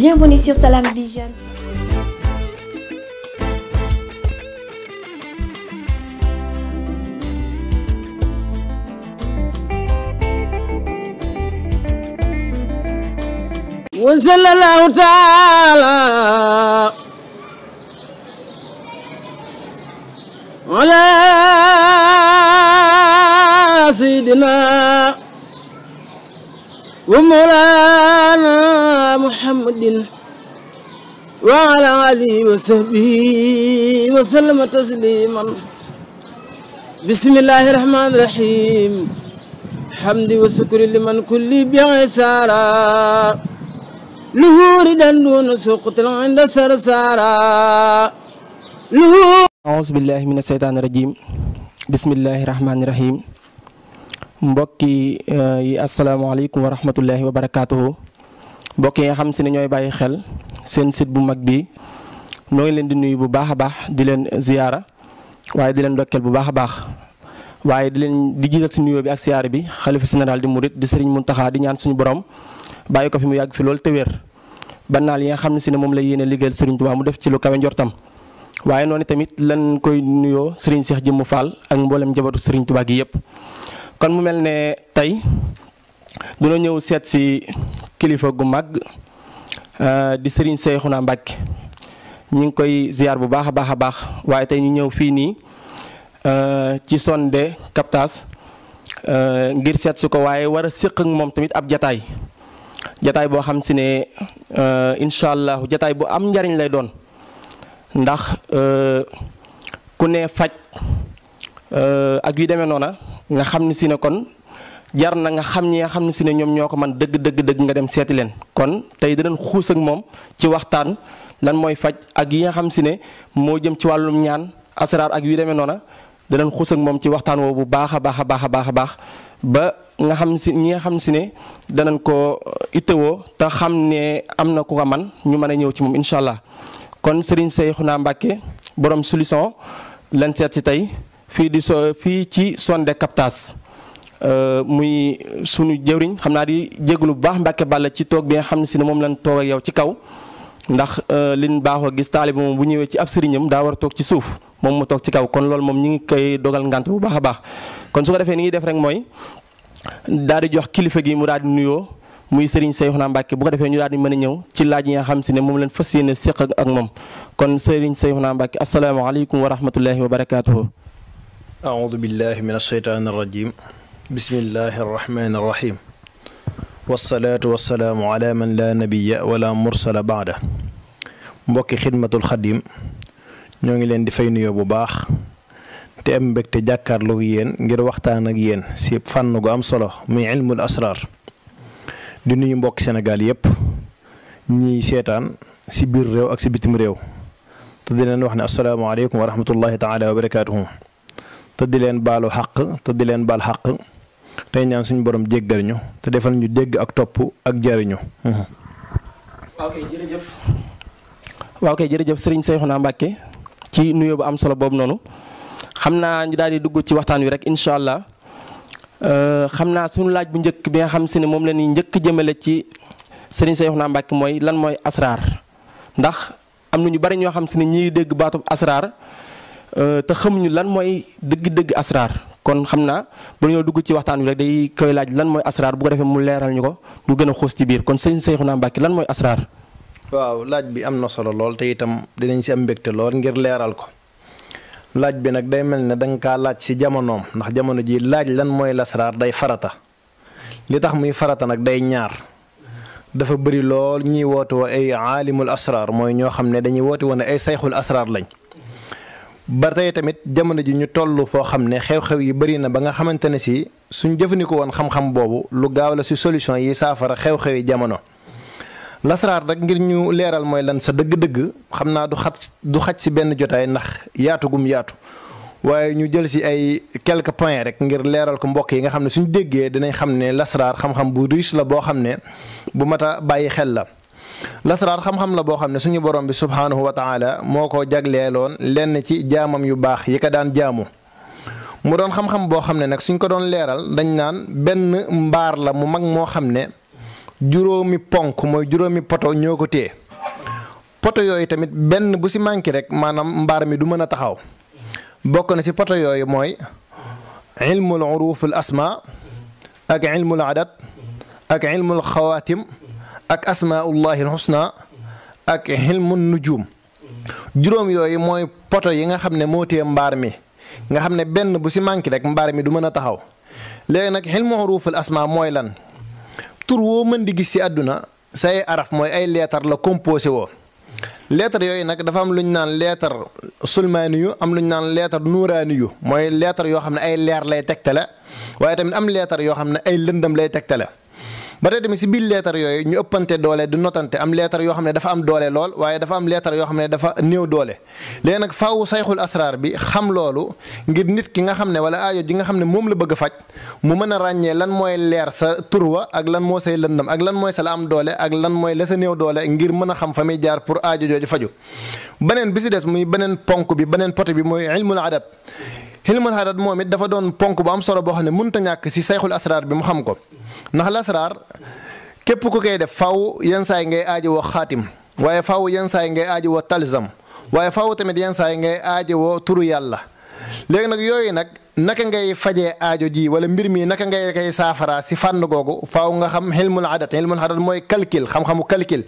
Bienvenue sur Salam Vision. وصلى الله تعالى على سيدنا ومولانا محمد وعلى آله وصحبه وسلم تسليما بسم الله الرحمن الرحيم حمد وشكر لمن كل بعسارا لهور دون سقط عند سرسارا أعوذ بالله من الشيطان الرجيم بسم الله الرحمن الرحيم mbokki eh, yi asalaamaaleykum wa rahmatullahi wa barakaatuhu mbokk yi nga xam si ne ñooy bàyyi xel seen site bu mag bi noo ngi leen di nuyu bu baax a baax di leen ziyaara waaye di leen dokkeel bu baax a baax waaye di leen di jiital si nuyoo bi ak siyaar bi xalifa général di murit di sëriñ taxa di ñaan suñu borom bàyyi ko fi mu yàgg fi loolu te wér ba naal yi nga xam ne si ne moom la yéene liggéeyal sëriñ Tuubaa mu def ci lu kawe njortam waaye noonu tamit lan koy nuyoo sëriñ Seex Jëmm Faal ak mboolem njabootu sëriñ Tuubaa gi yëpp kon mu mel ne tey dina ñëw seet si kilifa gu mag euh, di Serigne na Mbacké ñu ngi koy ziar bu baax a baax a baax waaye tey ñu ñëw fii nii euh, ci Sonde Captage euh, ngir seet ko waaye wara a moom tamit ab jataay jataay boo xam si ne incha allah jataay bu am njariñ lay doon ndax ku ne faj Euh, ak yu demee noona nga xam ne si ne kon jar na nga xam ñi nga xam ne si ne ñoom ñoo ko man dëgg dëgg dëgg nga dem seeti leen kon tey danan xuus ak moom ci waxtaan lan mooy faj ak yi nga xam si ne moo jëm ci wàllum ñaan asraar ak yu demee noona dinañ xuus moom ci waxtaan woowu bu baax a baax a baax a baax ba nga xam si ñi nga xam si ne danañ ko itteewoo te xam ne am na ku ko man ñu mën a ñëw ci moom incha allah kon Serigne Cheikhouna Mbacké borom solution lan seet si tey. fii di so fii ci zone de captage euh, muy sunu jëwriñ xam naa di jéglu bu baax Mbàkke Balla ci toog bi nga xam ne si ne moom lañ toog ak yow ci kaw ndax euh, liñ baaxoo gis taalibe moom bu ñëwee ci ab sëriñam daa war a toog ci suuf moom mu toog ci kaw kon loolu moom ñu ngi koy dogal ngant bu baax a baax kon su ko defee ni ngi def rek mooy daal di jox kilifa gi mu daal di nuyoo muy Serigne Cheikhouna Mbacke bu ko defee ñu daal di mën a ñëw ci laaj yi nga xam si ne moom lañ fas yéene séq ak moom kon Serigne Cheikhouna Mbacke asalaamaaleykum wa rahmatullahi wa barakaatuhu audu billahi min alsheytaani irrajim bismillahi arrahmani irrahim wasalaatu wasalaamu ala man laa nabiya wala mursala baada mbokki xidmatul xadim ñoo ngi leen di fay nuyoo bu baax te am mbégte jàkkaarloog yéen ngir waxtaan ak yéen si fànn gu am solo muy ilmul asraar di nuyu mbokki Sénégal yépp ñiy seetaan si biir réew ak si bitim réew te di leen wax ne asalaamaaleykum wa rahmatullahi taala wa barakaatuhu te di leen baalu xaq te di leen baal xaq tey ñaan suñu borom jéggal ñu te defal ñu dégg ak topp ak jariñu waaw kay jërëjëf waaw kay jërëjëf sëriñ Mbàkke ci nuyoo bu am solo boobu noonu xam naa ñu daal di dugg ci waxtaan wi rek incha allah euh, xam naa suñu laaj bu njëkk bi nga xam si ne moom la ñuy njëkk jëmale ci sëriñ Seexuna Mbàkke mooy lan mooy asraar ndax am na ñu bari ñoo xam si ni ñi dégg baatu asraar Euh, te xamuñu lan mooy dëgg-dëgg asraar kon xam naa ba ñoo dugg ci waxtaan wi rek day koy laaj lan mooy asraar bu ko mu leeral ñu ko ñu gën a xuus ci biir kon sëñ Seexuna Mbàkke waaw laaj bi am na solo lool te itam dinañ si am mbégte lool ngir leeral ko laaj bi nag day mel ne da ka laaj si jamonoom ndax jamono ji laaj lan mooy lasraar day farata li tax muy farata nag day ñaar dafa bëri lool ñiy woote wa ay aalimul asraar mooy ñoo xam ne dañuy woote woon ay sayxul asraar lañ. ba tey tamit jamono ji ñu toll foo xam ne xew-xew yi bëri na ba nga xamante ne si suñ jëfandikoo woon xam-xam boobu lu gaaw la si solution yi saafara xew-xew yi jamono. lasaraar rek ngir ñu leeral mooy lan sa dëgg-dëgg xam naa du xat du xaj si benn jotaay ndax yaatu gum yaatu waaye ñu jël si ay quelques point rek ngir leeral ko mbokk yi nga xam ne suñ déggee dinañ xam ne lasaraar xam-xam bu riche la boo xam ne bu mat a bàyyi xel la. lasraar xam-xam la boo xam ne suñu borom bi subhaanahu wa taala moo ko jagleeloon lenn ci jaamam yu baax yi ko daan jaamu mu doon xam-xam boo xam ne nag suñ ko doon leeral dañ naan benn mbaar la mu mag moo xam ne juróomi ponk mooy juróomi poto ñëw ko téye poto yooyu tamit benn bu si manqué rek maanaam mbaar mi du mën a taxaw bokk na si poto yooyu mooy ilmul ilmul adat ak ilmul xawaatim ak asmaullahi alxusna ak xilmun nujum juróom yooyu mooy poto yi nga xam ne moo tee mbaar mi nga xam ne benn bu si manqué rek mbaar mi du mën a taxaw léegi nag xilmu xuruuful asma mooy lan tur woo mën di gis si àdduna say araf mooy ay leetar la composé woo leetar yooyu nag dafa am lu ñu naan leetar sulmaani yu am lu ñu naan leetar nuuraani yu mooy leetar yoo xam ne ay leer lay tegtale waaye tamit am leetar yoo xam ne ay lëndam lay tegtale ba tey tamit si biir leetar yooyu ñu ëppante doole du notante am leetar yoo xam ne dafa am doole lool waaye dafa am leetar yoo xam ne dafa néew doole léegi nag faaw sayxul asraar bi xam loolu ngir nit ki nga xam ne wala aajo ji nga xam ne moom la bëgg a faj mu mën a ràññee lan mooy leer sa turwa ak lan moo say lëndam ak lan mooy sa la am doole ak lan mooy la sa néew doole ngir mën a xam fa muy jaar pour aajo jooju faju beneen bi si des muy beneen bi beneen poté bi mooy ilmul adab xilmul xayraat moom it dafa doon ponk bu am solo boo xam ne mënut a ñàkk si sayxul asraar bi mu xam ko ndax la lasraar képp ku kay def faw yenn saa yi ngay aajo woo xaatim waaye faw yenn saa yi ngay aajo wa talisam waaye faaw tamit yenn yi ngay aajo woo turu yàlla. léegi nag yooyu nag naka ngay fajee aajo ji wala mbir mi naka ngay koy saafaraa si fànn googu faaw nga xam xilmul adat xilmul adat mooy calcul xam-xamu calcul.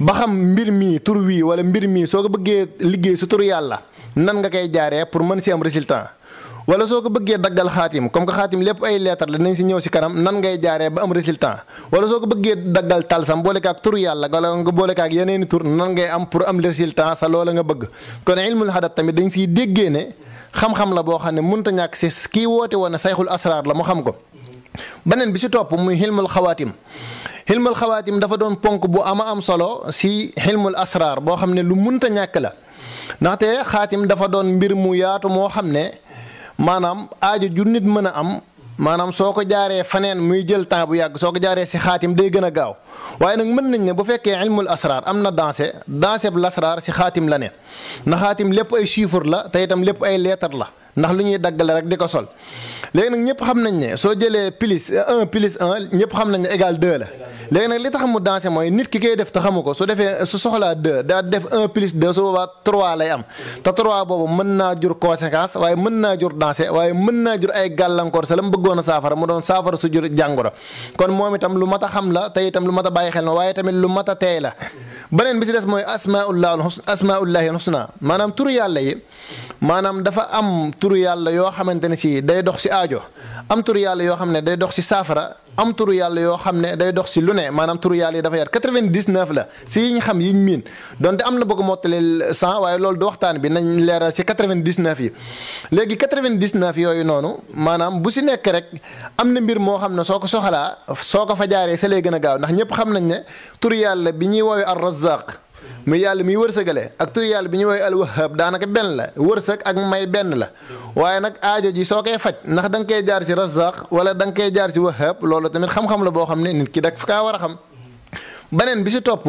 ba xam mbir mii tur wii wala mbir mii soo ko bëggee liggéey su turu yàlla nan nga koy jaaree pour mën si am résultat. wala soo ko bëggee daggal xaatim comme que xaatim lépp ay leetar la nañ si ñëw si kanam nan ngay jaaree ba am résultat wala soo ko bëggee daggal talsam boole kaag tur yàlla wala nga boole kaag yeneeni tur nan ngay am pour am résultat sa loola nga bëgg kon ilmul xadat tamit dañ siy déggee ne xam-xam la boo xam ne mënut a ñàkk si kii woote woon ne sayxul asraar la mu xam ko beneen bi si topp muy xilmul xawaatim xilmul xawaatim dafa doon ponk bu ama am solo si xilmul asraar boo xam ne lu mënut a ñàkk la ndaxte xaatim dafa doon mbir mu yaatu moo xam ne maanaam aajo ju nit mën a am maanaam soo ko jaaree faneen muy jël temps bu yàgg soo ko jaaree si xaatim day gën a gaaw waaye nag mën nañ ne bu fekkee ilmul asraar am na dansé dansé bu lasraar si xaatim la ne na xaatim lépp ay chiffre la tey itam lépp ay leetar la ndax lu ñuy dagg la rek di ko sol léegi nag ñëpp xam nañ ne soo jëlee plus un plus un ñëpp xam nañ ne égal deux la léegi nag li tax mu dansé mooy nit ki koy def te xamu ko su defee su soxlaa deux daa def un plus deux su boobaa trois lay am te trois boobu mën naa jur conséquence waaye mën naa jur dansé waaye mën naa jur ay gàllankoor sa la mu bëggoon a saafara mu doon saafara su jur jàngoro kon moom itam lu mat a xam la te itam lu mat a bàyyi xel na waaye tamit lu mat a teey la beneen bi ci des mooy asmaullahi asmaullahi husna maanaam turu yàlla yi maanaam dafa am turu yàlla yoo xamante ne si day dox si aajo am turu yàlla yoo xam ne day dox si saafara am turu yàlla yoo xam ne day dox si lu ne maanaam turu yàlla yi dafa yar 99 la si yi ñu xam yi ñu miin donte am na bëgg mottali 100 waaye loolu du waxtaan bi nañ leeral si 99 yi. léegi 99 yooyu noonu maanaam bu si nekk rek am na mbir moo xam ne soo ko soxlaa soo ko fa jaaree sa gën a gaaw ndax ñëpp xam nañ ne turu bi ñuy woowee ar-Razzaq muy yàlla miy wërsëgale ak tur yàlla bi ñu woowee alwahaab daanaka benn la wërsëg ak may benn la waaye nag aajo ji soo koy faj ndax danga koy jaar ci razaq wala danga koy jaar ci wahaab loolu tamit xam-xam la boo xam ne nit ki dak fi kaa war a xam beneen bi si topp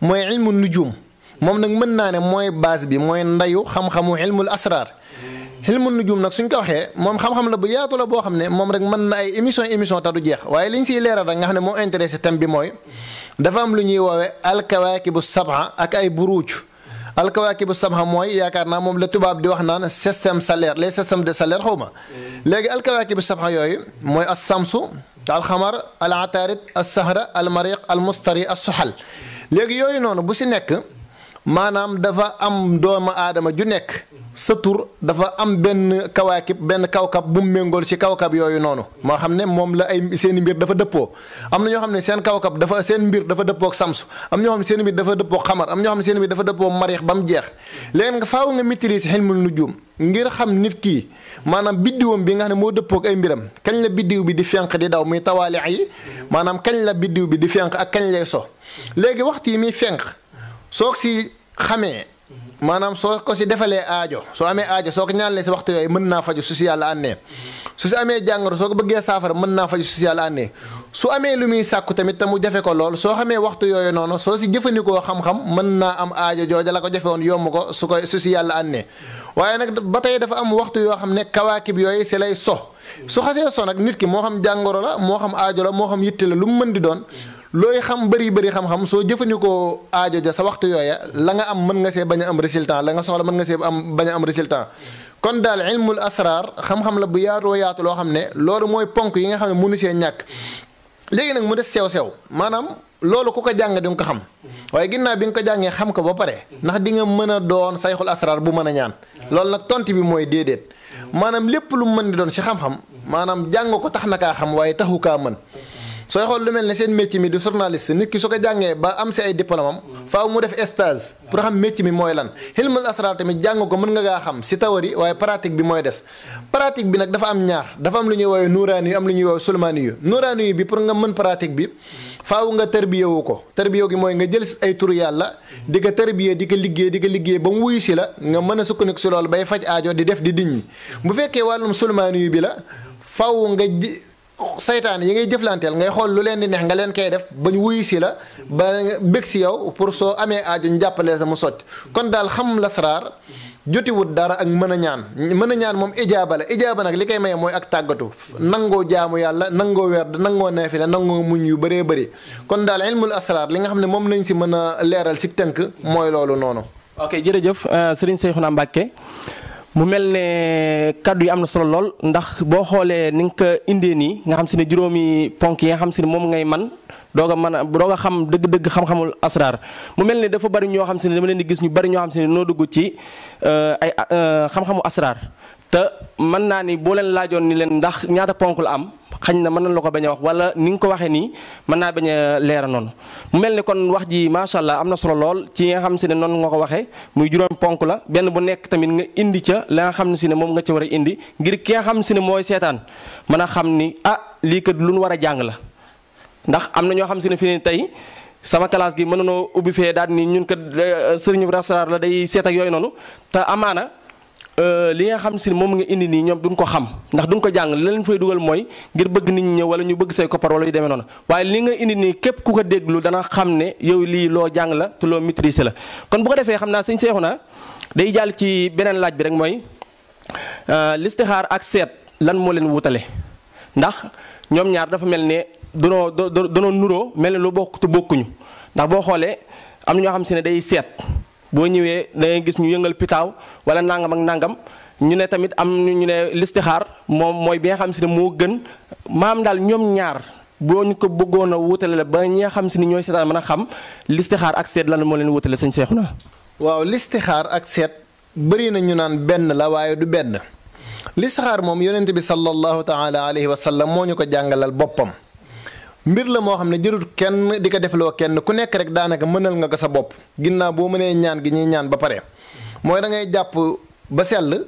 mooy ilmu nujum moom nag mën naa ne mooy base bi mooy ndayu xam-xamu ilmul asraar ilmu nujum nag suñ ko waxee moom xam-xam la bu yaatu la boo xam ne moom rek mën na ay émission émission te du jeex waaye liñ siy leeral rek nga xam ne moo intéressé thème bi mooy dafa am lu ñuy woowee alkawaakibu sab'a ak ay buruuj alkawaakibu sab'a mooy yaakaar naa moom la tubaab di wax naan système solaire les systèmes de solaire xaw ma léegi alkawaakibu sab'a yooyu mooy as-samsu alxamar al ataarid as-sahra al mariq al mustari léegi yooyu noonu bu si nekk maanaam dafa am doomu aadama ju nekk. sa tur dafa am benn kawaakib benn kawkab bu mu méngool ci kawkab yooyu noonu moo xam ne moom la ay seeni mbir dafa dëppoo am na ñoo xam ne seen kawkab dafa seen mbir dafa dëppoo ak samsu am ñoo xam ne seen mbir dafa dëppoo ak xamar am ñoo xam ne seen mbir dafa dëppoo mariix ba mu jeex léegi nga faaw nga maîtriser xilmul nujum ngir xam nit kii maanaam biddiwam bi nga xam ne moo dëppoo ak ay mbiram kañ la biddiw bi di fenq di daw muy tawaali yi maanaam kañ la biddiw bi di fenq ak kañ lay so léegi waxtu yi muy fenq soo si xamee maanaam soo ko si defalee aajo soo amee aajo soo ko ñaanalee si waxtu yooyu mën naa faju su si yàlla àndee su amee jàngoro soo bëggee saafara mën naa faju su su amee lu muy sàkku tamit te mu jafe ko lool soo xamee waxtu yooyu noonu soo si jëfandikoo xam-xam mën naa am aajo jooja la ko jafe woon yomb ko su ko su si yàlla àndee waaye nag ba tey dafa am waxtu yoo xam ne kawaakib yooyu si lay so su xasee so nag nit ki moo xam jàngoro la moo xam aajo la moo xam yitte la lu mu mën di doon looy xam bëri bëri xam-xam soo jëfandikoo aajo ja sa waxtu yooya la nga am mën nga see bañ am résultat la nga soxla mën nga see am bañ am résultat kon daal ilmul asrar xam-xam la bu yaatoo yaatu loo xam ne loolu mooy ponk yi nga xam ne mënu see ñàkk léegi nag mu des sew-sew maanaam loolu ku ko jàng di nga ko xam waaye ginnaaw bi nga ko jàngee xam ko ba pare ndax di nga mën a doon sayxul asrar bu mën a ñaan loolu nag tontu bi mooy déedéet maanaam lépp lu mu mën di doon si xam-xam maanaam jàng ko tax na kaa xam waaye taxu kaa mën sooy xool lu mel ne seen métier mi di journaliste nit ki su ko jàngee ba am si ay diplôme am faaw mu def stage pour xam métier mi mooy lan xilmul asrar tamit jàng ko mën nga xam si tawari waaye pratique bi mooy des pratique bi nag dafa am ñaar dafa am lu ñuy woowee nuuraani yu am lu ñuy woowee sulmaani yu nuuraani yu bi pour nga mën pratique bi faaw nga tarbiyewu ko tarbiyewu gi mooy nga jël ay turu yàlla di ko tarbiyee di ko liggéey di liggéey ba mu wuyu si la nga mën a sukkandiku si loolu bay faj di def di diñ bu fekkee wàllum sulmaani yu bi la faaw nga seytaane yi ngay jëflanteel ngay xool lu leen di neex nga leen koy def bañ wuyu si la ba bëgg si yow pour soo amee aajo ñu jàppalee sa mu sotti kon daal xam lasraar jotiwut dara ak mën a ñaan mën a ñaan moom ijaaba la ijaaba nag li koy maye mooy ak tàggatu nangoo jaamu yàlla nangoo werd nangoo la nangoo muñ yu bëree bëri kon daal ilmul asraar li nga xam ne moom lañ si mën a leeral si tënk mooy loolu noonu jërëjëf euh, Serigne Cheikhouna mu mel ne kaddu yi am na solo lool ndax boo xoolee ni nga ko indee nii nga xam si ne juróomi ponk yi nga xam si ne moom ngay man doog a mën a doog a xam dëgg-dëgg xam-xamul asraar mu mel ne dafa bari ñoo xam si ne dama leen di gis ñu bari ñoo xam si ne noo dugg ci euh, ay euh, xam-xamu asraar te mën naa ni boo leen laajoon ni leen ndax ñaata ponk la am. xañ na mën na la ko bañ wax wala ni nga ko waxee nii mën naa bañ a leera noonu mu mel ni kon wax ji macha allah am na solo lool ci nga xam si ne noonu nga ko waxee muy juróom ponk la benn bu nekk tamit nga indi ca la xam ne si ne moom nga ci war a indi ngir ki nga xam si ne mooy seetaan mën a xam ni ah lii kat lu nu war a jàng la ndax am na ñoo xam si ne fi ne tey sama classe gi mën nanoo ubbi fee daal ni ñun kat euh, sëriñu restaurant la day seet yooyu noonu te amaana Euh, li nga xam si moom nga indi nii ñoom duñ ko xam ndax duñ ko jàng li leen fay dugal mooy ngir bëgg nit ñi ñëw wala ñu bëgg say koppar wala yu demee noonu waaye li nga indi nii képp ku ko déglu dana xam ne yow lii loo jàng loo maîtriser la kon bu ko defee xam naa sëñ seexu naa day jàll ci beneen laaj bi rek mooy euh, listixaar ak seet lan moo leen wutale ndax ñoom ñaar dafa mel ne danoo danoo nuroo mel ne lu bokk bokkuñu ndax boo xoolee am na ñoo xam si ne day seet boo ñëwee da gis ñu yëngal pitaaw wala nàngam ak nangam ñu ne tamit am ñu ne listixaar moom mooy bi nga xam si ne moo gën maam daal ñoom ñaar boo ñu ko bëggoon a wutale la ba ñi xam si ni ñooy seetaan mën a xam listixaar ak seet lan moo leen wutale sëñ Seexuna waaw listixaar ak seet bëri na ñu naan benn la waaye du benn listixaar moom yonent bi sallallahu taala alayhi wa sallam moo ñu ko jàngalal boppam. mbir la moo xam ne jërut kenn di ko defloo kenn ku nekk rek daanaka mënal nga ko sa bopp ginnaaw boo mënee ñaan gi ñuy ñaan ba pare mooy da ngay jàpp ba sell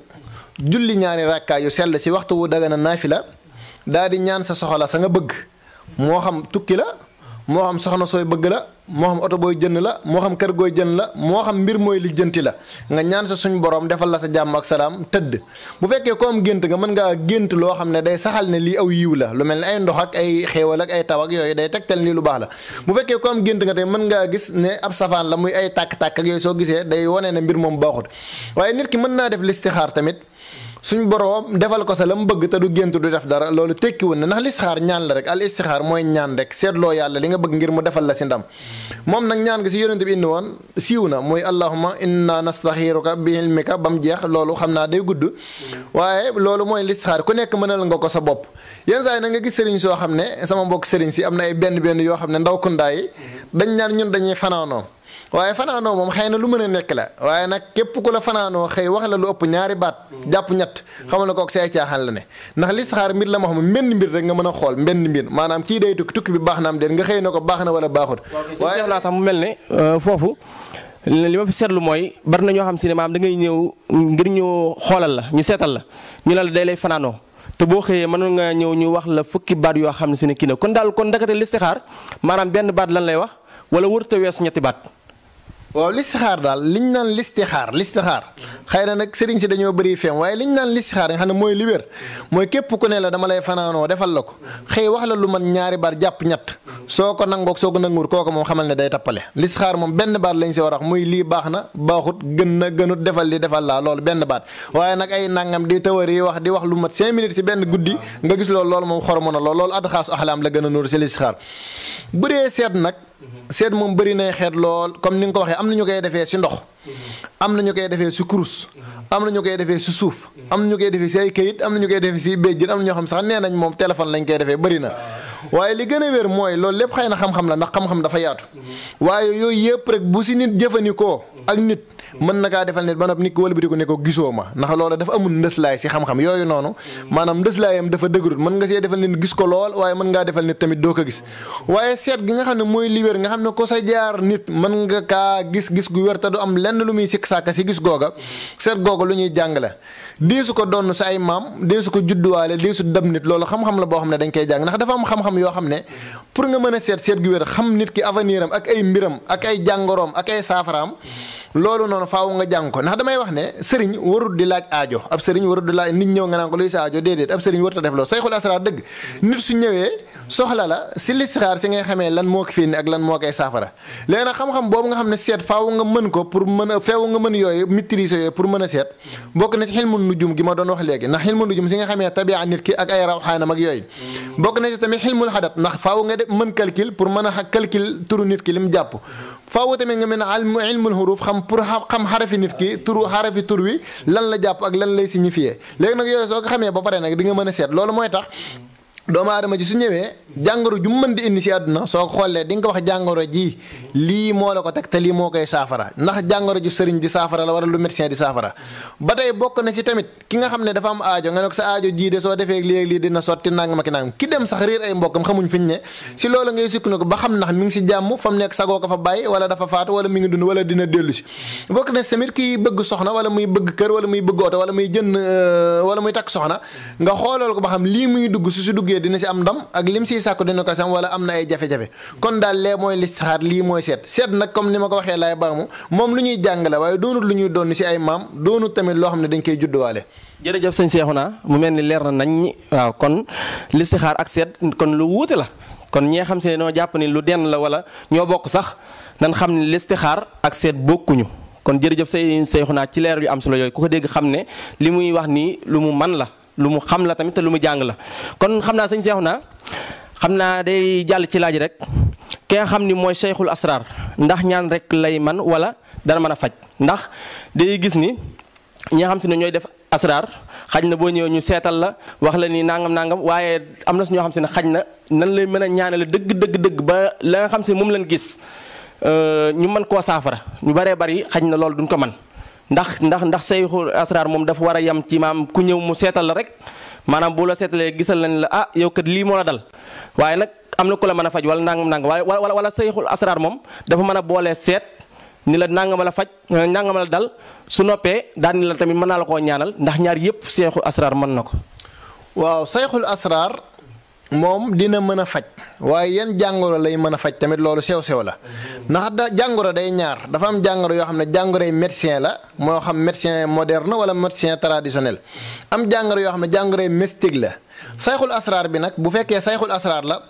julli ñaari ràkkaay yu sell si waxtu wu daga na naafi la daal di ñaan sa soxla sa nga bëgg moo xam tukki la moo xam soxna sooy bëgg la moo xam oto booy jën la moo xam kër gooy jënd la moo xam mbir mooy lijjanti la nga ñaan sa suñ borom defal la sa jàmm ak salaam tëdd bu fekkee ko am gént nga mën ngaa gént loo xam ne day saxal ne lii aw yiw la lu mel ne ay ndox ak ay xéewal ak ay taw ak yooyu day tegtal lii lu baax la bu fekkee ko am gént nga mën ngaa gis ne ab safaan la muy ay tàkk-tàkk ak yooyu soo gisee day wane na mbir moom baaxut waaye nit ki mën naa def listixaar tamit suñ boroom defal ko sa la mu bëgg te du gént du def dara loolu tekkiwul na ndax listixaar ñaan la rek al istixaar mooy ñaan rek seetloo yàlla li nga bëgg ngir mu defal la si ndam moom nag ñaan nga si yonent bi indi woon siiw na muy allahuma inna nastaxiruka bi ilmika ba mu jeex loolu xam naa day gudd waaye loolu mooy listixaar ku nekk mënal nga ko sa bopp yenn saa yi na nga gis sëriñ soo xam ne sama mbokk sëriñ si am na ay benn benn yoo xam ne ndaw kundaay dañ ñaan ñun dañuy fanaanoo waaye fanaanoo moom xëy na lu mën a nekk la waaye nag képp ku la fanaanoo xëy wax la lu ëpp ñaari baat jàpp ñett xamal na ko ak say caaxaan la ne ndax listixaar mbir la moo xam mbenn mbir rek mën a xool mbenn mbir maanaam kii day tukki tukki bi baax na am déet nga xëy na ko na wala baaxut waaye seex mu mel ne euh, foofu li ma fi seetlu mooy bari na ñoo xam si ne maam da ngay ñëw ngir ñu xoolal la ñu seetal la ñu la la day lay fanaanoo te boo xëyee mën nga ñëw ñu wax la fukki baat yoo xam ne si ne kii na kon daal kon ndakate listixaar maanaam benn baat lan lay wax wala wërta weesu ñetti baat waaw listixaar daal liñ naan listixaar listixaar xëy na nag sëriñ si dañoo bëri feem waaye liñ naan listixaar nga xam ne mooy li wér mooy képp ku ne la dama lay fanaanoo defal la ko xëy wax la lu man ñaari baat jàpp ñett soo ko nangoog soo ko nanguwul kooku moom xamal ne day tappale listixaar moom benn baat lañ si war a wax muy lii baax na baaxut gën na gënut defal li defal laa loolu benn baat waaye nag ay nangam di tawar yi wax di wax lu mat cinq minutes ci benn guddi nga gis loolu loolu moom xoromoon na loolu loolu adxaasu axlaam la gën a nuur si listixaar bu seet nag seet moom bëri nay xeet lool comme ni nga ko waxee am na ñu koy defee si ndox am na ñu koy defee si kurus am na ñu koy defee si suuf am na ñu koy defee si ay kayit am na ñu koy defee si béjjën am na ñoo xam sax nee nañ moom téléphone lañ koy defee bëri na waaye li gën a wér mooy loolu lépp xëy na xam-xam la ndax xam-xam dafa yaatu waaye yooyu yëpp rek bu si nit jëfandikoo ak nit mën na kaa defal nit ba noppi nit ko wëlbati ne ko gisoo ma ndax loola dafa amul ndëslaay si xam yooyu noonu maanaam ndëslaayam dafa dëgërut mën nga see defal nit gis ko lool waaye mën ngaa defal nit tamit doo ko gis waaye seet gi nga xam ne mooy li wér nga xam ne ko sa jaar nit mën nga kaa gis gis gu wér te du am lenn lu muy sikk sàkk si gis googa seet googa lu ñuy jàng la deesu ko donn sa ay maam deesu ko judduwaale deesu dab nit loolu xam-xam la boo xam ne dañ koy jàng ndax dafa am xam-xam yoo xam ne pour nga mën a seet seet gu wér xam nit ki avenir am ak ay mbiram ak ay jàngoroom ak ay saafaraam loolu noonu faaw nga jàng ko ndax damay wax ne sëriñ warul di laaj aajo ab sëriñ warul di laaj nit ñëw nga naan ko luy sa aajo déedéet ab sëriñ warut a def loolu sayxul asraar soxla la si listixaar si ngay xamee lan moo ko fii ni lan moo koy saafara léegi nag xam boobu nga xam ne seet faaw nga mën ko pour mën a feew nga mën yooyu maîtriser yooyu pour mën a seet bokk na si xilmu nujum gi ma doon wax léegi ndax xilmu nujum si nga xamee tabia nit ki ak ay rawxaanam ak yooyu bokk na si tamit xilmul xadat ndax faaw nga def mën calcul pour mën a calcul turu nit ki lim jàpp faaw tamit nga mel ne ilmul huruf xam pour xam xarafi nit ki tur xarafi tur wi lan la jàpp ak lan lay signifier léegi nag yooyu soo ko xamee ba pare nag di nga mën a seet loolu mooy tax doomu aadama ji su ñëwee jàngoro ju mu mën di indi si àdduna soo xoolee di nga ko wax jàngoro ji lii moo la ko teg te lii moo koy saafara ndax jàngoro ji sëriñ di saafara la wala lu médecin di saafara. ba tey bokk na si tamit ki nga xam ne dafa am aajo nga ne ko sa aajo jii de soo defee léegi lii dina sotti nangam ak nangam ki dem sax réer ay mbokkam xamuñ fiñ ne si loolu ngay ko ba xam ndax mi ngi si jàmm fa mu nekk sagoo ko fa bàyyi wala dafa faatu wala mi ngi dund wala dina dellu si. bokk na si tamit kiy bëgg wala muy bëgg kër wala muy bëgg oto wala muy jënd euh, wala muy takk soxna nga xoolal ko ba xam lii muy dugg su si dugg dina si am ndam ak lim siy sàkku dina ko sam wala am na ay jafe-jafe kon daal lee mooy listixaar lii mooy seet seet nag comme ni ma ko waxee laay baamu moom lu ñuy jàng la waaye doonut lu ñuy doon si ay maam doonut tamit loo xam ne dañ koy judduwaale jërëjëf sëñ Seexuna mu mel ni leer na nañ waaw kon listixaar ak seet kon lu wuute la kon ñee xam se noo jàpp ni lu denn la wala ñoo bokk sax nan xam ne listixaar ak seet bokkuñu kon jërëjëf sëñ Seexuna ci leer yu am solo yooyu ku ko dégg xam ne li muy wax nii lu mu man la lu mu xam la tamit te lu mu jàng la kon xam naa sëñ seexu naa xam naa day jàll ci laaj rek ki nga xam ni mooy seyxul asrar ndax ñaan rek lay man wala dana mën a faj ndax day gis ni ñi xam si ne ñooy def asrar xaj na boo ñëwee ñu seetal la wax la ni nangam nangam waaye am na su ñoo xam si ne xaj na nan lay mën a la dëgg dëgg dëgg ba laa xam si moom lañ gis euh, ñu mën koo saafara ñu baree bari xaj na loolu duñ ko man ndax ndax ndax sayxul asraar moom dafa war a yem ci maam ku ñëw mu seetal la rek maanaam bu la seetalee gisal nañ la ah yow kat lii moo la dal waaye nag am na ko la mën a faj wala nangam nangam waaye wala wala sayxul asraar moom dafa mën a boole seet ni la nangama la faj eh, nangama la dal su noppee daan ni la tamit mën naa la koo ñaanal ndax ñaar yëpp sayxul asraar mën na ko. waaw sayxul asraar moom dina mën a faj waaye yan jàngoro lay mën a faj tamit loolu sew sew la ndax da jàngoro day ñaar dafa am jàngoro yoo xam ne jàngoroy médecin la moo xam médecin moderne wala médecin traditionnel am jàngoro yoo xam ne jàngoroy mystique la sayxul asraar bi nag bu fekkee sayxul asraar la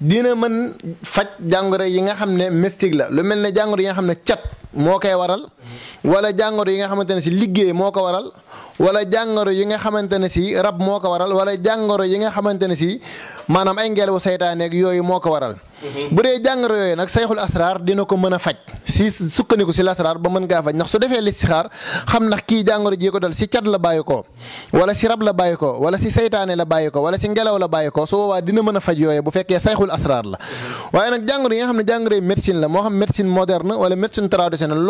dina mën faj jàngoro yi nga xam ne mystique la lu mel ne jàngoro yi nga xam ne cat moo koy waral wala jàngoro yi nga xamante ne si liggéey moo ko waral wala jàngoro yi nga xamante ne si rab moo ko waral wala jàngoro yi nga xamante ne si maanaam ay ngelawu saytaaneeg yooyu moo ko waral. bu dee jàngoro yooyu nag sayxul asraar dina ko mën a faj si sukkandiku si lasraar ba mën ngaa faj ndax su defee listixaar xam ndax kii jàngoro jii ko dal si cat la bàyyi ko wala si rab la bàyyi ko wala si saytaane la bàyyi ko wala si ngelaw la bàyyi ko a faj yooyu bu fekkee sayxul asraar la waaye ne jàngoro yi médecine la moo xam médecine moderne wala médecine traditionnelle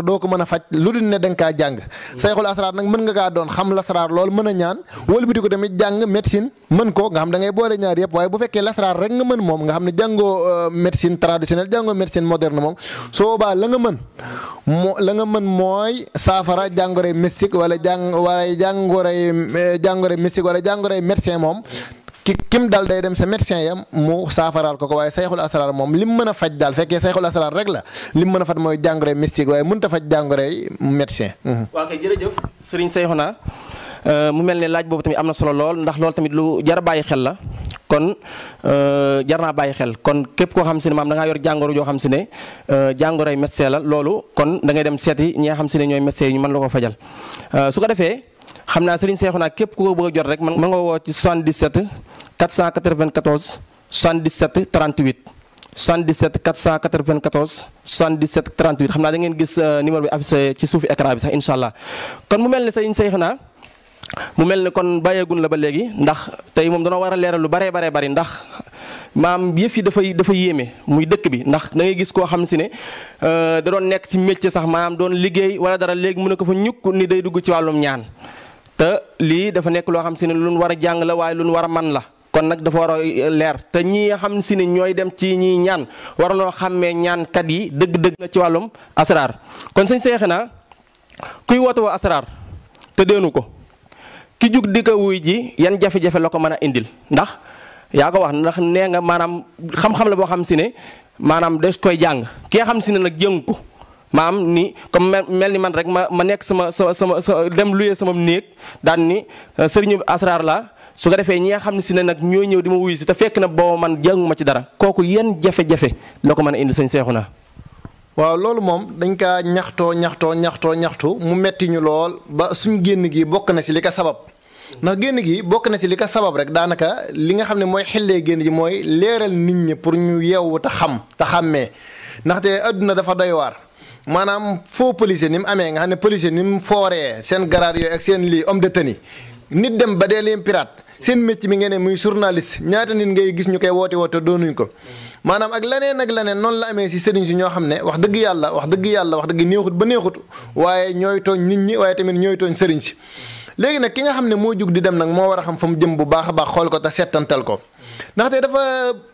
doo ko mën faj lu dul ne da nga kaa jàng sayxul nga kaa doon xam lasraar loolu mën a ñaan wëlbati ko tamit jàng médecine mën ko nga xam da ngay asraar rek nga mën xam ne jàngoo euh, médecine traditionnelle jàngoo médecine moderne moom su boobaa la nga mën moo la nga mën mooy saafara jàngorey mystique wala jàng wala jàngorey euh, jàngorey mystique wala jàngorey médecin moom ki kim dal day dem sa médecin yam mu saafaraal ko ko waaye sayxul asraar moom lim mën a faj daal fekkee sayxul asraar rek la lim mën a faj mooy jàngorey mystique waaye mënut a faj jàngorey médecin. Mhm. waa kay jërëjëf euh, mu mel ne laaj boobu tamit am na solo lool ndax loolu tamit lu jar a bàyyi xel la kon euh, jar naa bàyyi xel kon képp koo xam si ne maam da ngaa yor jàngoro joo xam si ne euh, jàngoroy médecin la loolu kon dangay dem seeti ñi nga xam si ne ñooy médecin yi ñu man la ko fajal euh, su ko defee xam naa Serigne Cheikhouna képp ku ko bëgg a jot rek man nga woo ci 77 494 77 38 77 494 77 38 xam naa da ngeen gis numéro bi affiché ci suufu écran bi sax incha allah kon mu mel ni Serigne Cheikhouna mu mel ni kon bàyyeegun la ba léegi ndax tey moom dana war a leeral lu baree baree bari ndax maam yëf yi dafay dafa yéeme muy dëkk bi ndax dangay gis koo xam si ne euh, da doon nekk ci métier sax maanaam doon liggéey wala dara léegi mu ne ko fa ñukk ni day dugg ci wàllum ñaan te lii dafa nekk loo xam si ne lu war a jàng la waaye lu war a man la. kon nag dafa war a euh, leer te ñi nga xam si ne ñooy dem ci ñiy ñaan war noo xàmmee ñaankat yi dëgg-dëgg na ci wàllum asraar kon sëñ seexe naa kuy woote woo ko. ki jug di ko wuy ji yan jafe-jafe la ko mën a indil ndax yaa ko wax ndax nee nga maanaam xam-xam la boo xam si ne maanaam des koy jàng ki nga xam si ne nag jëng ko maam ni comme mel ni man rek ma ma nekk sama sama sama sa dem luyee sama néeg daan ni euh, sëriñu asraar la su ko defee ñi nga xam si ne nag ñoo ñëw di ma wuyu te fekk na booba man jànguma ci dara kooku yan jafe-jafe ko mën a indi sañ seexu naa waaw loolu moom dañ kaa ñaxtoo ñaxtoo ñaxtoo ñaxtu mu metti ñu lool ba suñ génn gi bokk na ci li ko sabab ndax génn gi bokk na si li ko sabab rek daanaka li nga xam ne mooy xellee génn gi mooy leeral nit ñi pour ñu yeewu te xam te xàmmee ndaxte adduna dafa doy waar. maanaam foo policier ni mu amee nga xam ne policier ni mu fooree seen garaar yooyu ak seen lii om de tenue nit dem ba dee leen piraat seen métier mi ngeen muy journaliste ñaata nit ngay gis ñu koy woote woote doonuñ ko. maanaam ak leneen ak leneen noonu la amee si sëriñ si ñoo xam ne wax dëgg yàlla wax dëgg yàlla wax dëgg neexut ba neexut waaye ñooy nit ñi waaye tamit ñooy tooñ si. léegi nag ki nga xam ne moo jug di dem nag moo war a xam fa mu jëm bu baax a baax xool ko te seetantal ko ndaxte dafa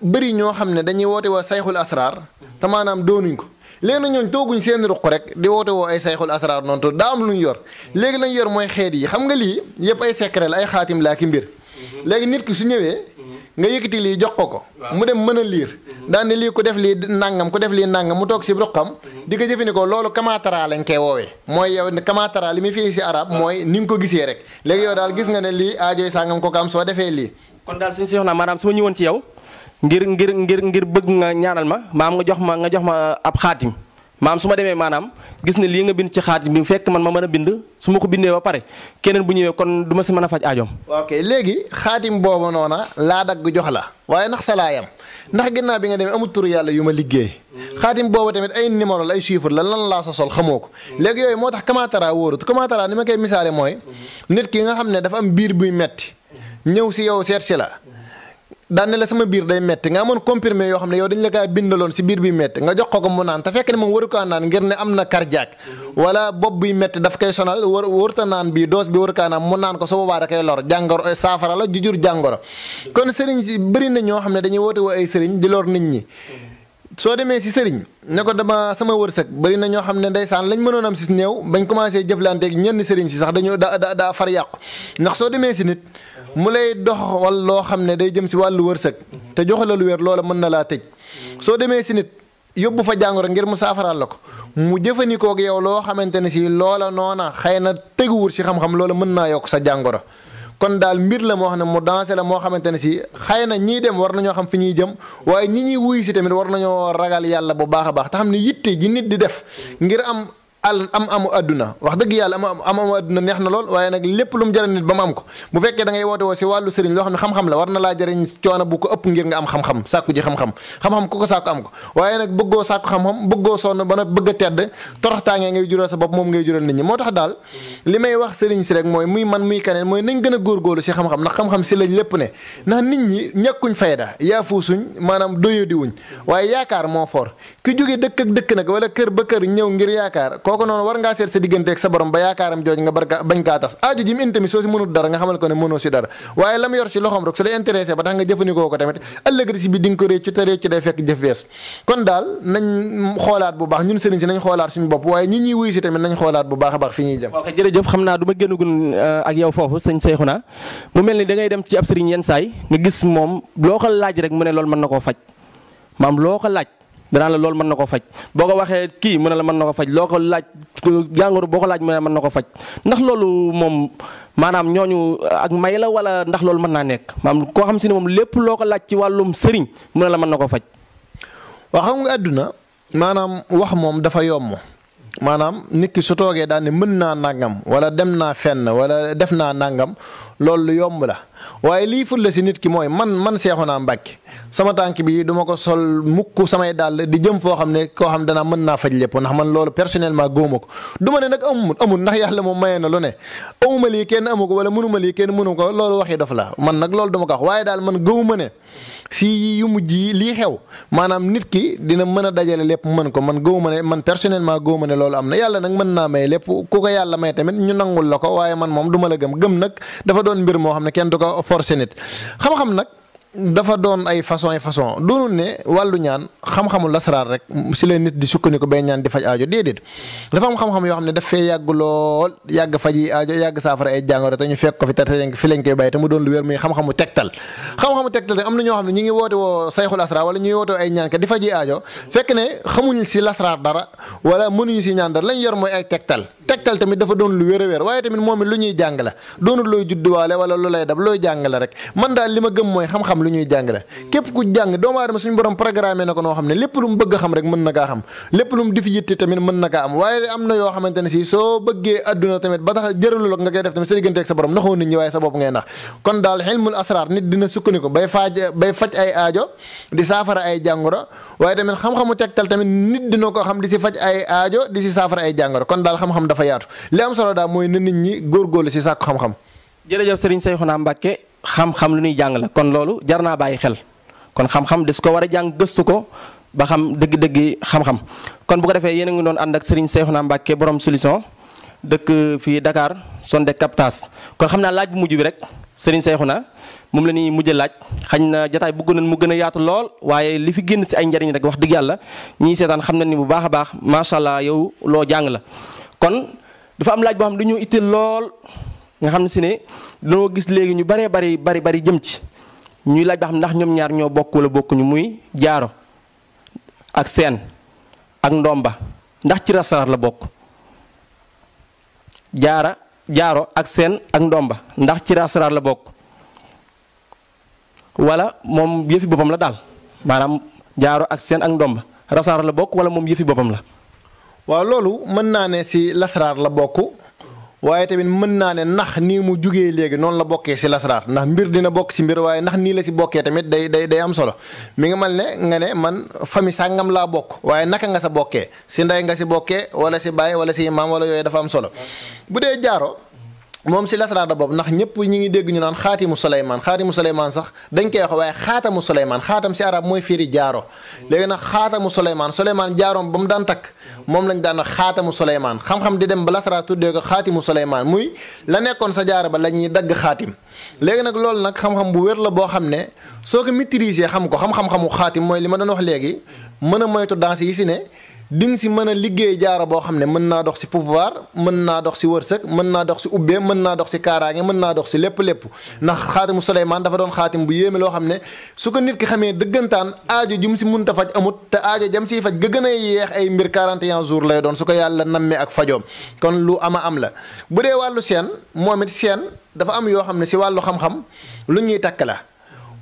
bëri ñoo xam ne dañuy woote woo sayxul asraar te maanaam doonuñ ko léegi nag ñooñ tooguñ seen ruq rek di woote woo ay sayxul asraar noonu daa am lu ñu yor léegi lañ yor mooy xeet yi xam nga lii yëpp ay secret ay xaatim laa ki mbir Mhm. léegi nit ki su ñëwee mhm. nga yëkkati lii jox ko ko mu dem mën a liir mhm. daan ne lii ku def lii nangam ku def lii nangam mu toog si am di ko jëfandikoo loolu kamaatara lañ koy woowee mooy yow kamaatara li muy firi si araab mooy ni nga ko gisee rek léegi yow daal gis nga ne lii aajoy ngam ko am soo defee lii kon daal suñu si wax naa maanaam su ma ñëwoon ci yow ngir ngir ngir ngir bëgg nga ñaanal ma maam nga jox ma nga jox ma ab xaatim maam su ma demee maanaam gis ne lii nga bind ci xaatim bi fekk man ma mën a bind su ma ko bindee ba pare keneen bu ñëwee kon du ma si mën a faj aajoom. ok léegi xaatim boobu noona laa dagg jox la waaye ndax sa laa yam ndax ginnaaw bi nga demee amul turu yàlla yu ma liggéey. xaatim boobu tamit ay numéro la ay chiffre la lan laa sa sol xamoo ko. léegi yooyu moo tax kamaataraa wóorut kamaataraa ni ma koy misaale mooy. nit ki nga xam ne dafa am biir buy metti ñëw si yow seet daan la sama biir day metti nga amoon comprimé yoo xam ne yow dañ la kaa bindaloon si biir bi metti nga jox ko ko mu naan te fekk ne moom waru kaa naan ngir ne am na cardiaque mhm. wala bopp buy metti daf koy sonal war warta naan bi dose bi waru kaa naan mu naan ko su boobaa da koy lor jàngoro eh, saafara la jujur jàngoro mhm. kon sëriñ si bëri na ñoo xam ne dañuy woote wa ay sëriñ di lor nit ñi mhm. soo demee si sëriñ ne ko dama sama wërsëg bëri na ñoo xam ne ndeysaan lañ mënoon am si néew bañ commencé jëflanteeg ñenn sëriñ si sax dañoo da da daa far yàqu ndax soo demee si nit mu lay dox wal loo xam ne day jëm si wàllu wërsëg te joxe la lu wér loola mën na laa tëj soo demee si nit yóbbu fa jàngoro ngir mu saafaraal la ko mu jëfandikoo ak yow loo xamante ne si loola noona xëy na teguwul si xam-xam loola mën naa yokk sa jàngoro. kon daal mbir la moo xam ne mu dansé la moo xamante ne si xëy na ñiy dem war nañoo xam fi ñuy jëm waaye ñi ñuy wuy si tamit war nañoo ragal yàlla bu baax a baax te xam ne yitte ji nit di def ngir am al am amu àdduna wax dëgg yàlla am am amu àdduna neex na lool waaye nag lépp lu mu jëriñ nit ba mu am ko bu fekkee da ngay woote woo si wàllu sëriñ loo xam ne xam-xam la war na laa jëriñ coono bu ko ëpp ngir nga am xam-xam sàkku ji xam-xam xam-xam ku ko sàkku am ko waaye nag bëggoo sàkku xam-xam bëggoo sonn ba na bëgg a tedd toroxtaangee ngay jural sa bopp moom ngay jural nit ñi moo tax daal li may wax sëriñ si rek mooy muy man muy keneen mooy nañ a góorgóorlu si xam-xam ndax xam-xam si lañ lépp ne ndax nit ñi ñàkkuñ fayda yaafuusuñ maanaam doyadiwuñ waaye kooku noonu war ngaa seet sa digganteeg sa borom ba yaakaaram jooj nga barka bañ kaa tas aaju ji mu indi tamit soo la mu yor si loxoom rek la kon daal nañ xoolaat bu baax ñun sëriñ si nañ xoolaat suñu bopp waaye ñi ñuy wuy si tamit nañ xoolaat bu baax baax fi ñuy jëm ok jërëjëf xam naa du ma génnagul eh, ak yow foofu sëñ Seexuna mu mel ni da dem ci ab sëriñ yenn saay nga gis moom loo ko laaj rek mu ne loolu mën na koo faj maam loo ko laaj danaa la loolu mën na ko faj boo ko waxee kii mu ne la mën na ko faj loo ko laaj jàngoro boo ko laaj mu ne mën na ko faj ndax loolu moom maanaam ñooñu uh, ak may la wala ndax loolu mën naa nekk maanaam koo xam si ne moom lépp loo ko laaj ci wàllum sëriñ mu ne la mën na ko faj. waaw xam nga àdduna maanaam wax moom dafa yomb maanaam nit ki su toogee daal ne mën naa nangam wala dem naa fenn wala def naa nangam loolu lu yomb la waaye lii fulla si nit ki mooy man man naa mbakki sama tànk bii duma ko sol mukk samay dàll di jëm foo xam ne koo xam dana mën naa faj lépp ndax man loolu personnellement góoma ko du ma ne nag amul amul ndax yàlla moom maye na lu ne amuma lii kenn amu ko wala mënuma lii kenn mënu ko loolu waxi dof la man nag loolu duma ko wax waaye daal man gëwuma ne si yu mujj yi lii xew maanaam nit ki dina mën a dajale lépp mën ko man gëwuma ne man personnellement gëwuma ne loolu am na yàlla nag mën naa may lépp ku ko yàlla maye tamit ñu nangul la ko waaye man moom duma la gëm gëm nag dafa doon mbir moo xam ne kenn du ko forcer nit xam-xam nag dafa doon ay façon ay façon doonul ne wàllu ñaan xam-xamul lasaraar rek si la nit di sukkandiku bay ñaan di faj aajo déedéet dafa am xam-xam yoo xam ne daf fee yàgg lool yàgg faj aajo yàgg saafara ay jàngoro te ñu ko fi te fi lañ koy bàyyi te mu doon lu wér muy xam-xamu tegtal xam-xamu tegtal am na ñoo xam ne ñi ngi woote woo sayxul asraar wala ñi ngi woote woo ay ñaan ka di faj yi aajo fekk ne xamuñ si lasaraar dara wala mënuñu si ñaan dara lañ yor mooy ay tegtal tegtal tamit dafa doon lu wér a wér waaye tamit moom it lu ñuy jàng la doonul looy judduwaale wala lu lay looy jàng la rek man daal li ma gëm mooy xam-xam lu ñuy jàng la képp ku jàng doomu aadama suñu borom programme na ko noo xam ne lépp lu bëgg a xam rek mën na kaa xam lépp lu mu di fi yitte tamit mën na kaa am waaye am na yoo xamante ne si soo bëggee adduna tamit ba tax jëralu la nga koy def tamit sa diggante sa borom naxoo nit ñi waaye sa ko xam di si faj ay aajo di si saafara dafa yaatu li am solo daal mooy na nit ñi góorgóorlu si sàkku xam-xam. jërëjëf Serigne Cheikhouna Mbacké xam lu ñuy jàng kon loolu jar naa bàyyi xel kon xam-xam des ko war a jàng gëstu ko ba xam dëgg-dëgg xam-xam kon bu ko defee yéen a ngi doon ànd ak Serigne naa Mbacké borom solution dëkk fii Dakar Sonde Captas kon xam naa laaj bu mujj bi rek Serigne Cheikhouna moom la ñuy mujj laaj xañ na jotaay bëgg nañ mu gën a yaatu lool waaye li fi génn si ay njëriñ rek wax dëgg yàlla ñiy seetaan xam na ni bu baax a baax macha allah yow loo jàng la. kon dafa am laaj boo xam dañoo itteel lool nga xam ne si ne dañoo gis léegi ñu baree bari bari bari jëm ci ñuy laaj ba xam ndax ñoom ñaar ñoo bokk wala bokkuñu muy jaaro ak seen ak ndomba ndax ci rasaraar la bokk jaara jaaro ak seen ak ndomba ndax ci rasaraar la bokk walla moom yëfi boppam la daal maanaam jaaro ak seen ak ndomba rasaraar la bokk wala moom yëfi boppam la waaw loolu mën naa ne si lasraar la bokk waaye tamit mën naa ne ndax nii mu jógee léegi noonu la bokkee si lasraar ndax mbir dina bokk si mbir waaye ndax nii la si bokkee tamit day day day am solo mi ngi mal ne nga ne man famille sàngam laa bokk waaye naka nga sa bokkee si ndey nga si bokkee wala si baay wala si imaam wala yooyu dafa am solo bu dee jaaro moom si lasraar la boobu ndax ñëpp ñi ngi dégg ñu naan xaatimu Souleymane xaatimu Souleymane sax dañ koy wax waaye xaatamu Souleymane xaatam si arab mooy fiiri jaaro léegi nag xaatamu Souleymane Souleymane jaaroom ba daan takk moom lañ daan wax xaatamu Souleymane xam-xam di dem ba lasraar tuddee ko xaatimu Souleymane muy la nekkoon sa jaaro ba la dagg xaatim léegi nag loolu nag xam-xam bu wér la boo xam ne soo ko maîtriser xam ko xam-xam-xamu xaatim mooy li ma doon wax léegi mën a moytu danse yi si ne di nga si mën a liggéey jaaro boo xam ne mën naa dox si pouvoir mën naa dox si wërsëg mën naa dox si ubbee mën naa dox si kaaraange mën naa dox si lépp lépp ndax xaatimu Suleymaan dafa doon xaatim bu yéeme loo xam ne su ko nit ki xamee dëggantaan aajo jum si munta faj amut te aajo jam siy faj ga gën a yeex ay mbir yan jour lay doon su ko yàlla nammee ak fajoom kon lu am a am la bu dee wàllu seen moom it seen dafa am yoo xam ne si wàllu xam-xam lu ñuy takk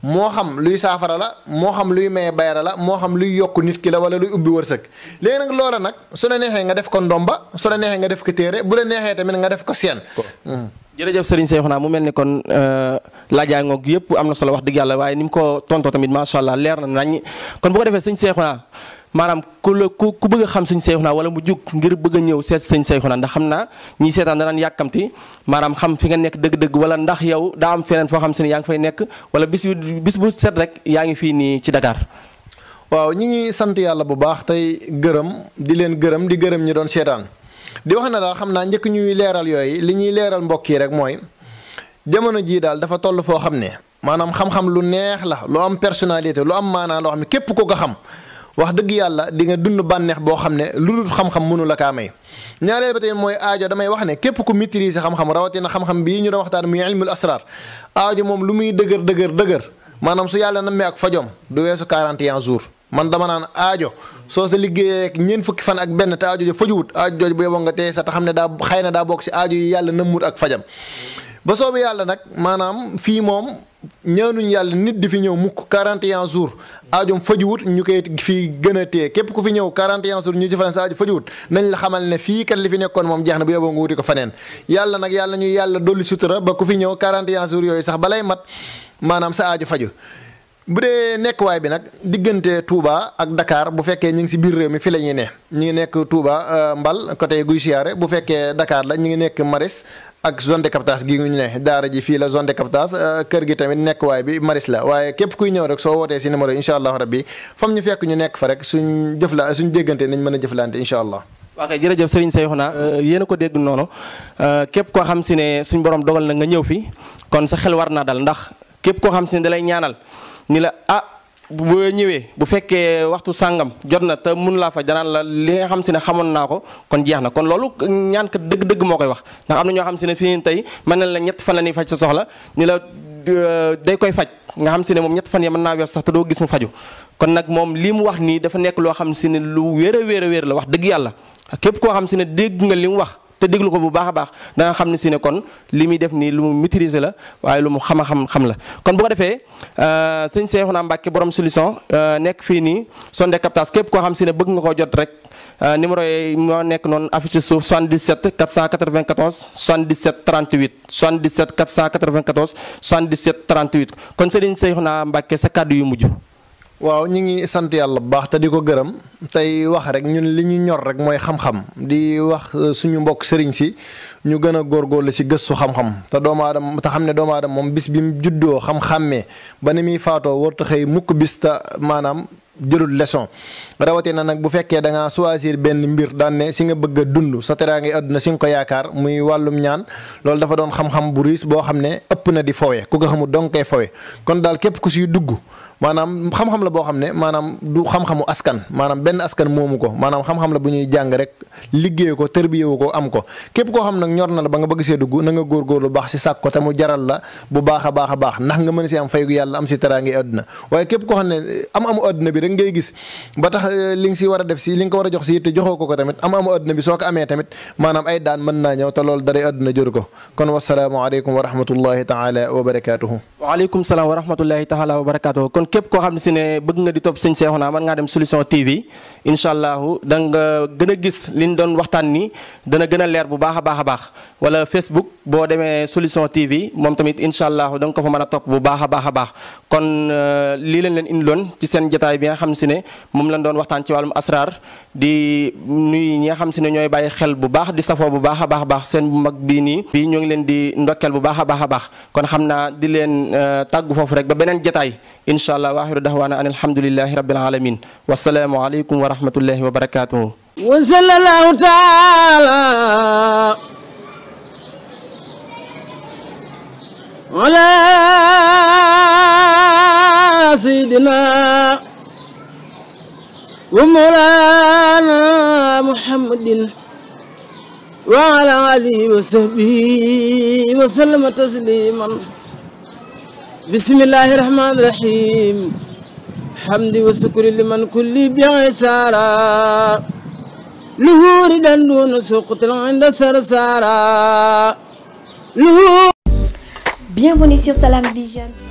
moo xam luy saafara la moo xam luy maye bayra la moo xam luy yokk nit ki la wala luy ubbi wërsëg léegi nag loola nag su la neexee nga def ko ndomba su la neexee nga def ko téere bu la neexee tamit nga def ko seen hmm. jërëjëf Serigne naa mu mel ni kon euh, laajaay ngoog yëpp am na solo wax dëgg yàlla waaye ni mu ko tontoo tamit macha allah leer na nañ kon bu ko defee Serigne naa maanaam ku la ku ku bëgg a xam sëñ Seexuna wala mu jug ngir bëgg a ñëw seet sëñ Seexuna ndax xam naa ñi seetaan danaan yàkkamti maanaam xam fi nga nekk dëgg-dëgg wala ndax yow daa am feneen foo xam si ne yaa ngi fay nekk wala bis bis bu set rek yaa ngi fii nii ci Dakar waaw ñi ngi sant yàlla bu baax tey gërëm di leen gërëm di gërëm ñi doon seetaan di wax ne daal xam naa njëkk ñuy leeral yooyu li ñuy leeral mbokk yi rek mooy jamono jii daal dafa toll foo xam ne maanaam xam-xam lu neex la lu am personnalité lu am maanaa loo xam ne képp ko ko xam wax dëgg yàlla di nga dund bànneex boo xam ne lu dul xam-xam mënula kaa may ñaareel ba tamit mooy aajo damay wax ne képp ku maîtriser xam-xam rawatina xam-xam bii ñu doon waxtaan muy ilmul asrar aajo moom lu muy dëgër dëgër dëgër maanaam su yàlla nammee ak fajom du weesu 41 jours man dama naan aajo soo sa liggéeyee ak ñeent fukki fan ak benn te aajo jo fajuwut aajo jooju bu yeboo nga tey sa te xam ne daa xëy na daa bokk si aajo yi yàlla nëmmut ak fajam ba soobu yàlla nag maanaam fii moom ñaanuñ yàlla nit di fi ñëw mukk 41 jours aajom wut ñu koy fii gën a téye képp ku fi ñëw 41 jours ñu ci faneen sa faju wut nañ la xamal ne fii kat li fi nekkoon moom jeex na bu yóbboo nga wuti ko faneen yàlla nag yàlla ñu yàlla dolli sutura ba ku fi ñëw 41 jours yooyu sax balay mat maanaam sa aajo faju bu dee nekk waay bi nag diggante Touba ak Dakar bu fekkee ñu ngi si biir réew mi fi la ñuy ne ñu ngi nekk Touba euh, Mbal côté Guy Siyaare bu fekkee dakaar la ñu ngi nekk Maris ak zone de captage gi ñu ne daara ji fii la zone de euh, kër gi tamit nekkuwaay bi Maris la waaye képp kuy ñëw rek soo wootee si numéro yi incha allah rabbi fam ñu fekk ñu nekk fa rek suñ jëfla suñ déggante nañ mën a jëflante incha allah. waaw kay jërëjëf Serigne Cheikhouna euh, yéen a ko dégg noonu képp koo xam si ne suñ borom dogal na nga ñëw fi kon sa xel war naa dal ndax képp koo xam si ne dalay ñaanal ni la ah boo ñëwee bu fekkee waxtu sàngam jot na te mun laa fa danaan la li nga xam si ne xamoon naa ko kon jeex na kon loolu ñaan kat dëgg-dëgg moo koy wax ndax am na ñoo xam si ne fii tey mën na la ñett fan la ñuy faj sa soxla ni la euh, day koy faj nga xam si ne moom ñett fan ya mën naa weer sax te doo gis mu faju kon nag moom lii mu wax nii dafa nekk loo xam si ne lu wéer a wéer la wax dëgg yàlla képp koo xam si ne dégg nga li mu wax te déglu ko bu baax a baax danga xam ne si ne kon li muy def nii lu mu maîtriser la waaye lu mu xama xam xam la kon bu ko defee euh, sëñ Seexuna Mbàkke borom solution euh, nekk fii nii sonde captage képp koo xam si ne bëgg nga ko jot rek euh, numéro yi moo nekk noon affiché suuf 77 494 77 38 77 494 77 38 kon sëriñ Seexuna Mbàkke sa kàddu yu mujj waaw ñu ngi sant yàlla bu baax te di ko gërëm tey wax rek ñun li ñu ñor rek mooy xam-xam di wax euh, suñu mbokk sëriñ si ñu gën a góorgóorlu si gëstu xam-xam te doomu aadama te xam ne doomu aadama moom bis bi mu juddoo xam-xàmmee ba ni muy faatoo warut xëy mukk bis ta maanaam jëlul leçon rawatina nag bu fekkee dangaa ngaa benn mbir daan si nga bëgg a dund sa teraangi àdduna si nga ko yaakaar muy wàllum ñaan loolu dafa doon xam-xam bu riis boo xam ne ëpp na di fowe ku ko xamul dong koy fowe kon daal képp ku siy dugg maanaam xam-xam la boo xam ne maanaam du xam-xamu askan maanaam benn askan moomu ko maanaam xam-xam la bu ñuy jàng rek liggéey ko tërbiyewu ko am ko képp koo xam nag ñor na la ba nga bëgg see na nga góorgóorlu baax si sàkk ko te mu jaral la bu baax a baax a baax ndax nga mën si am fayu yàlla am si teraangi àdduna waaye képp koo xam ne eh, am amu àdduna bi rek ngay gis ba tax eh, li nga si war a def si li ko war a jox si te joxoo ko ko tamit am amu àdduna bi soo ko amee naa ñëw te loolu daray àdduna jur ko kon wasalaamaaleykum wa rahmatullahi taala wa barakaatuhu wa rahmatullahi taala wa képp koo xam ne si ne bëgg nga di topp sëñ Seexuna mën ngaa dem solution TV incha allahu da nga gën a gis liñ doon waxtaan ni dana gën a leer bu baax a baax a baax wala Facebook boo demee solution TV moom tamit incha allahu da ko fa mën a topp bu baax a baax a baax kon euh, lii leen leen loon ci seen jotaay bi nga xam si ne moom lañ doon waxtaan ci wàllum asrar di nuyu ñi nga xam si ne ñooy bàyyi xel bu baax di safoo bu baax a baax a baax seen bu mag bii nii bii ñoo ngi leen di ndokkeel bu baax a baax a baax kon xam naa di leen euh, tàggu foofu rek ba beneen jotaay taala waaxiru daxwaana an alhamdulilahi rabbil alamin wasalaamu aleykum wa rahmatullahi wa barakatuhu wa sallallahu taala ala sayidina wa mawlana muhammadin wa ala alihi wa sahbihi wa sallama tasliman bismillahi rahmaani rahim hamdi wa sukuri liman kulli bien sara luhuuri dan dunu suqutil inda sarsara Bienvenue sur Salam Vision.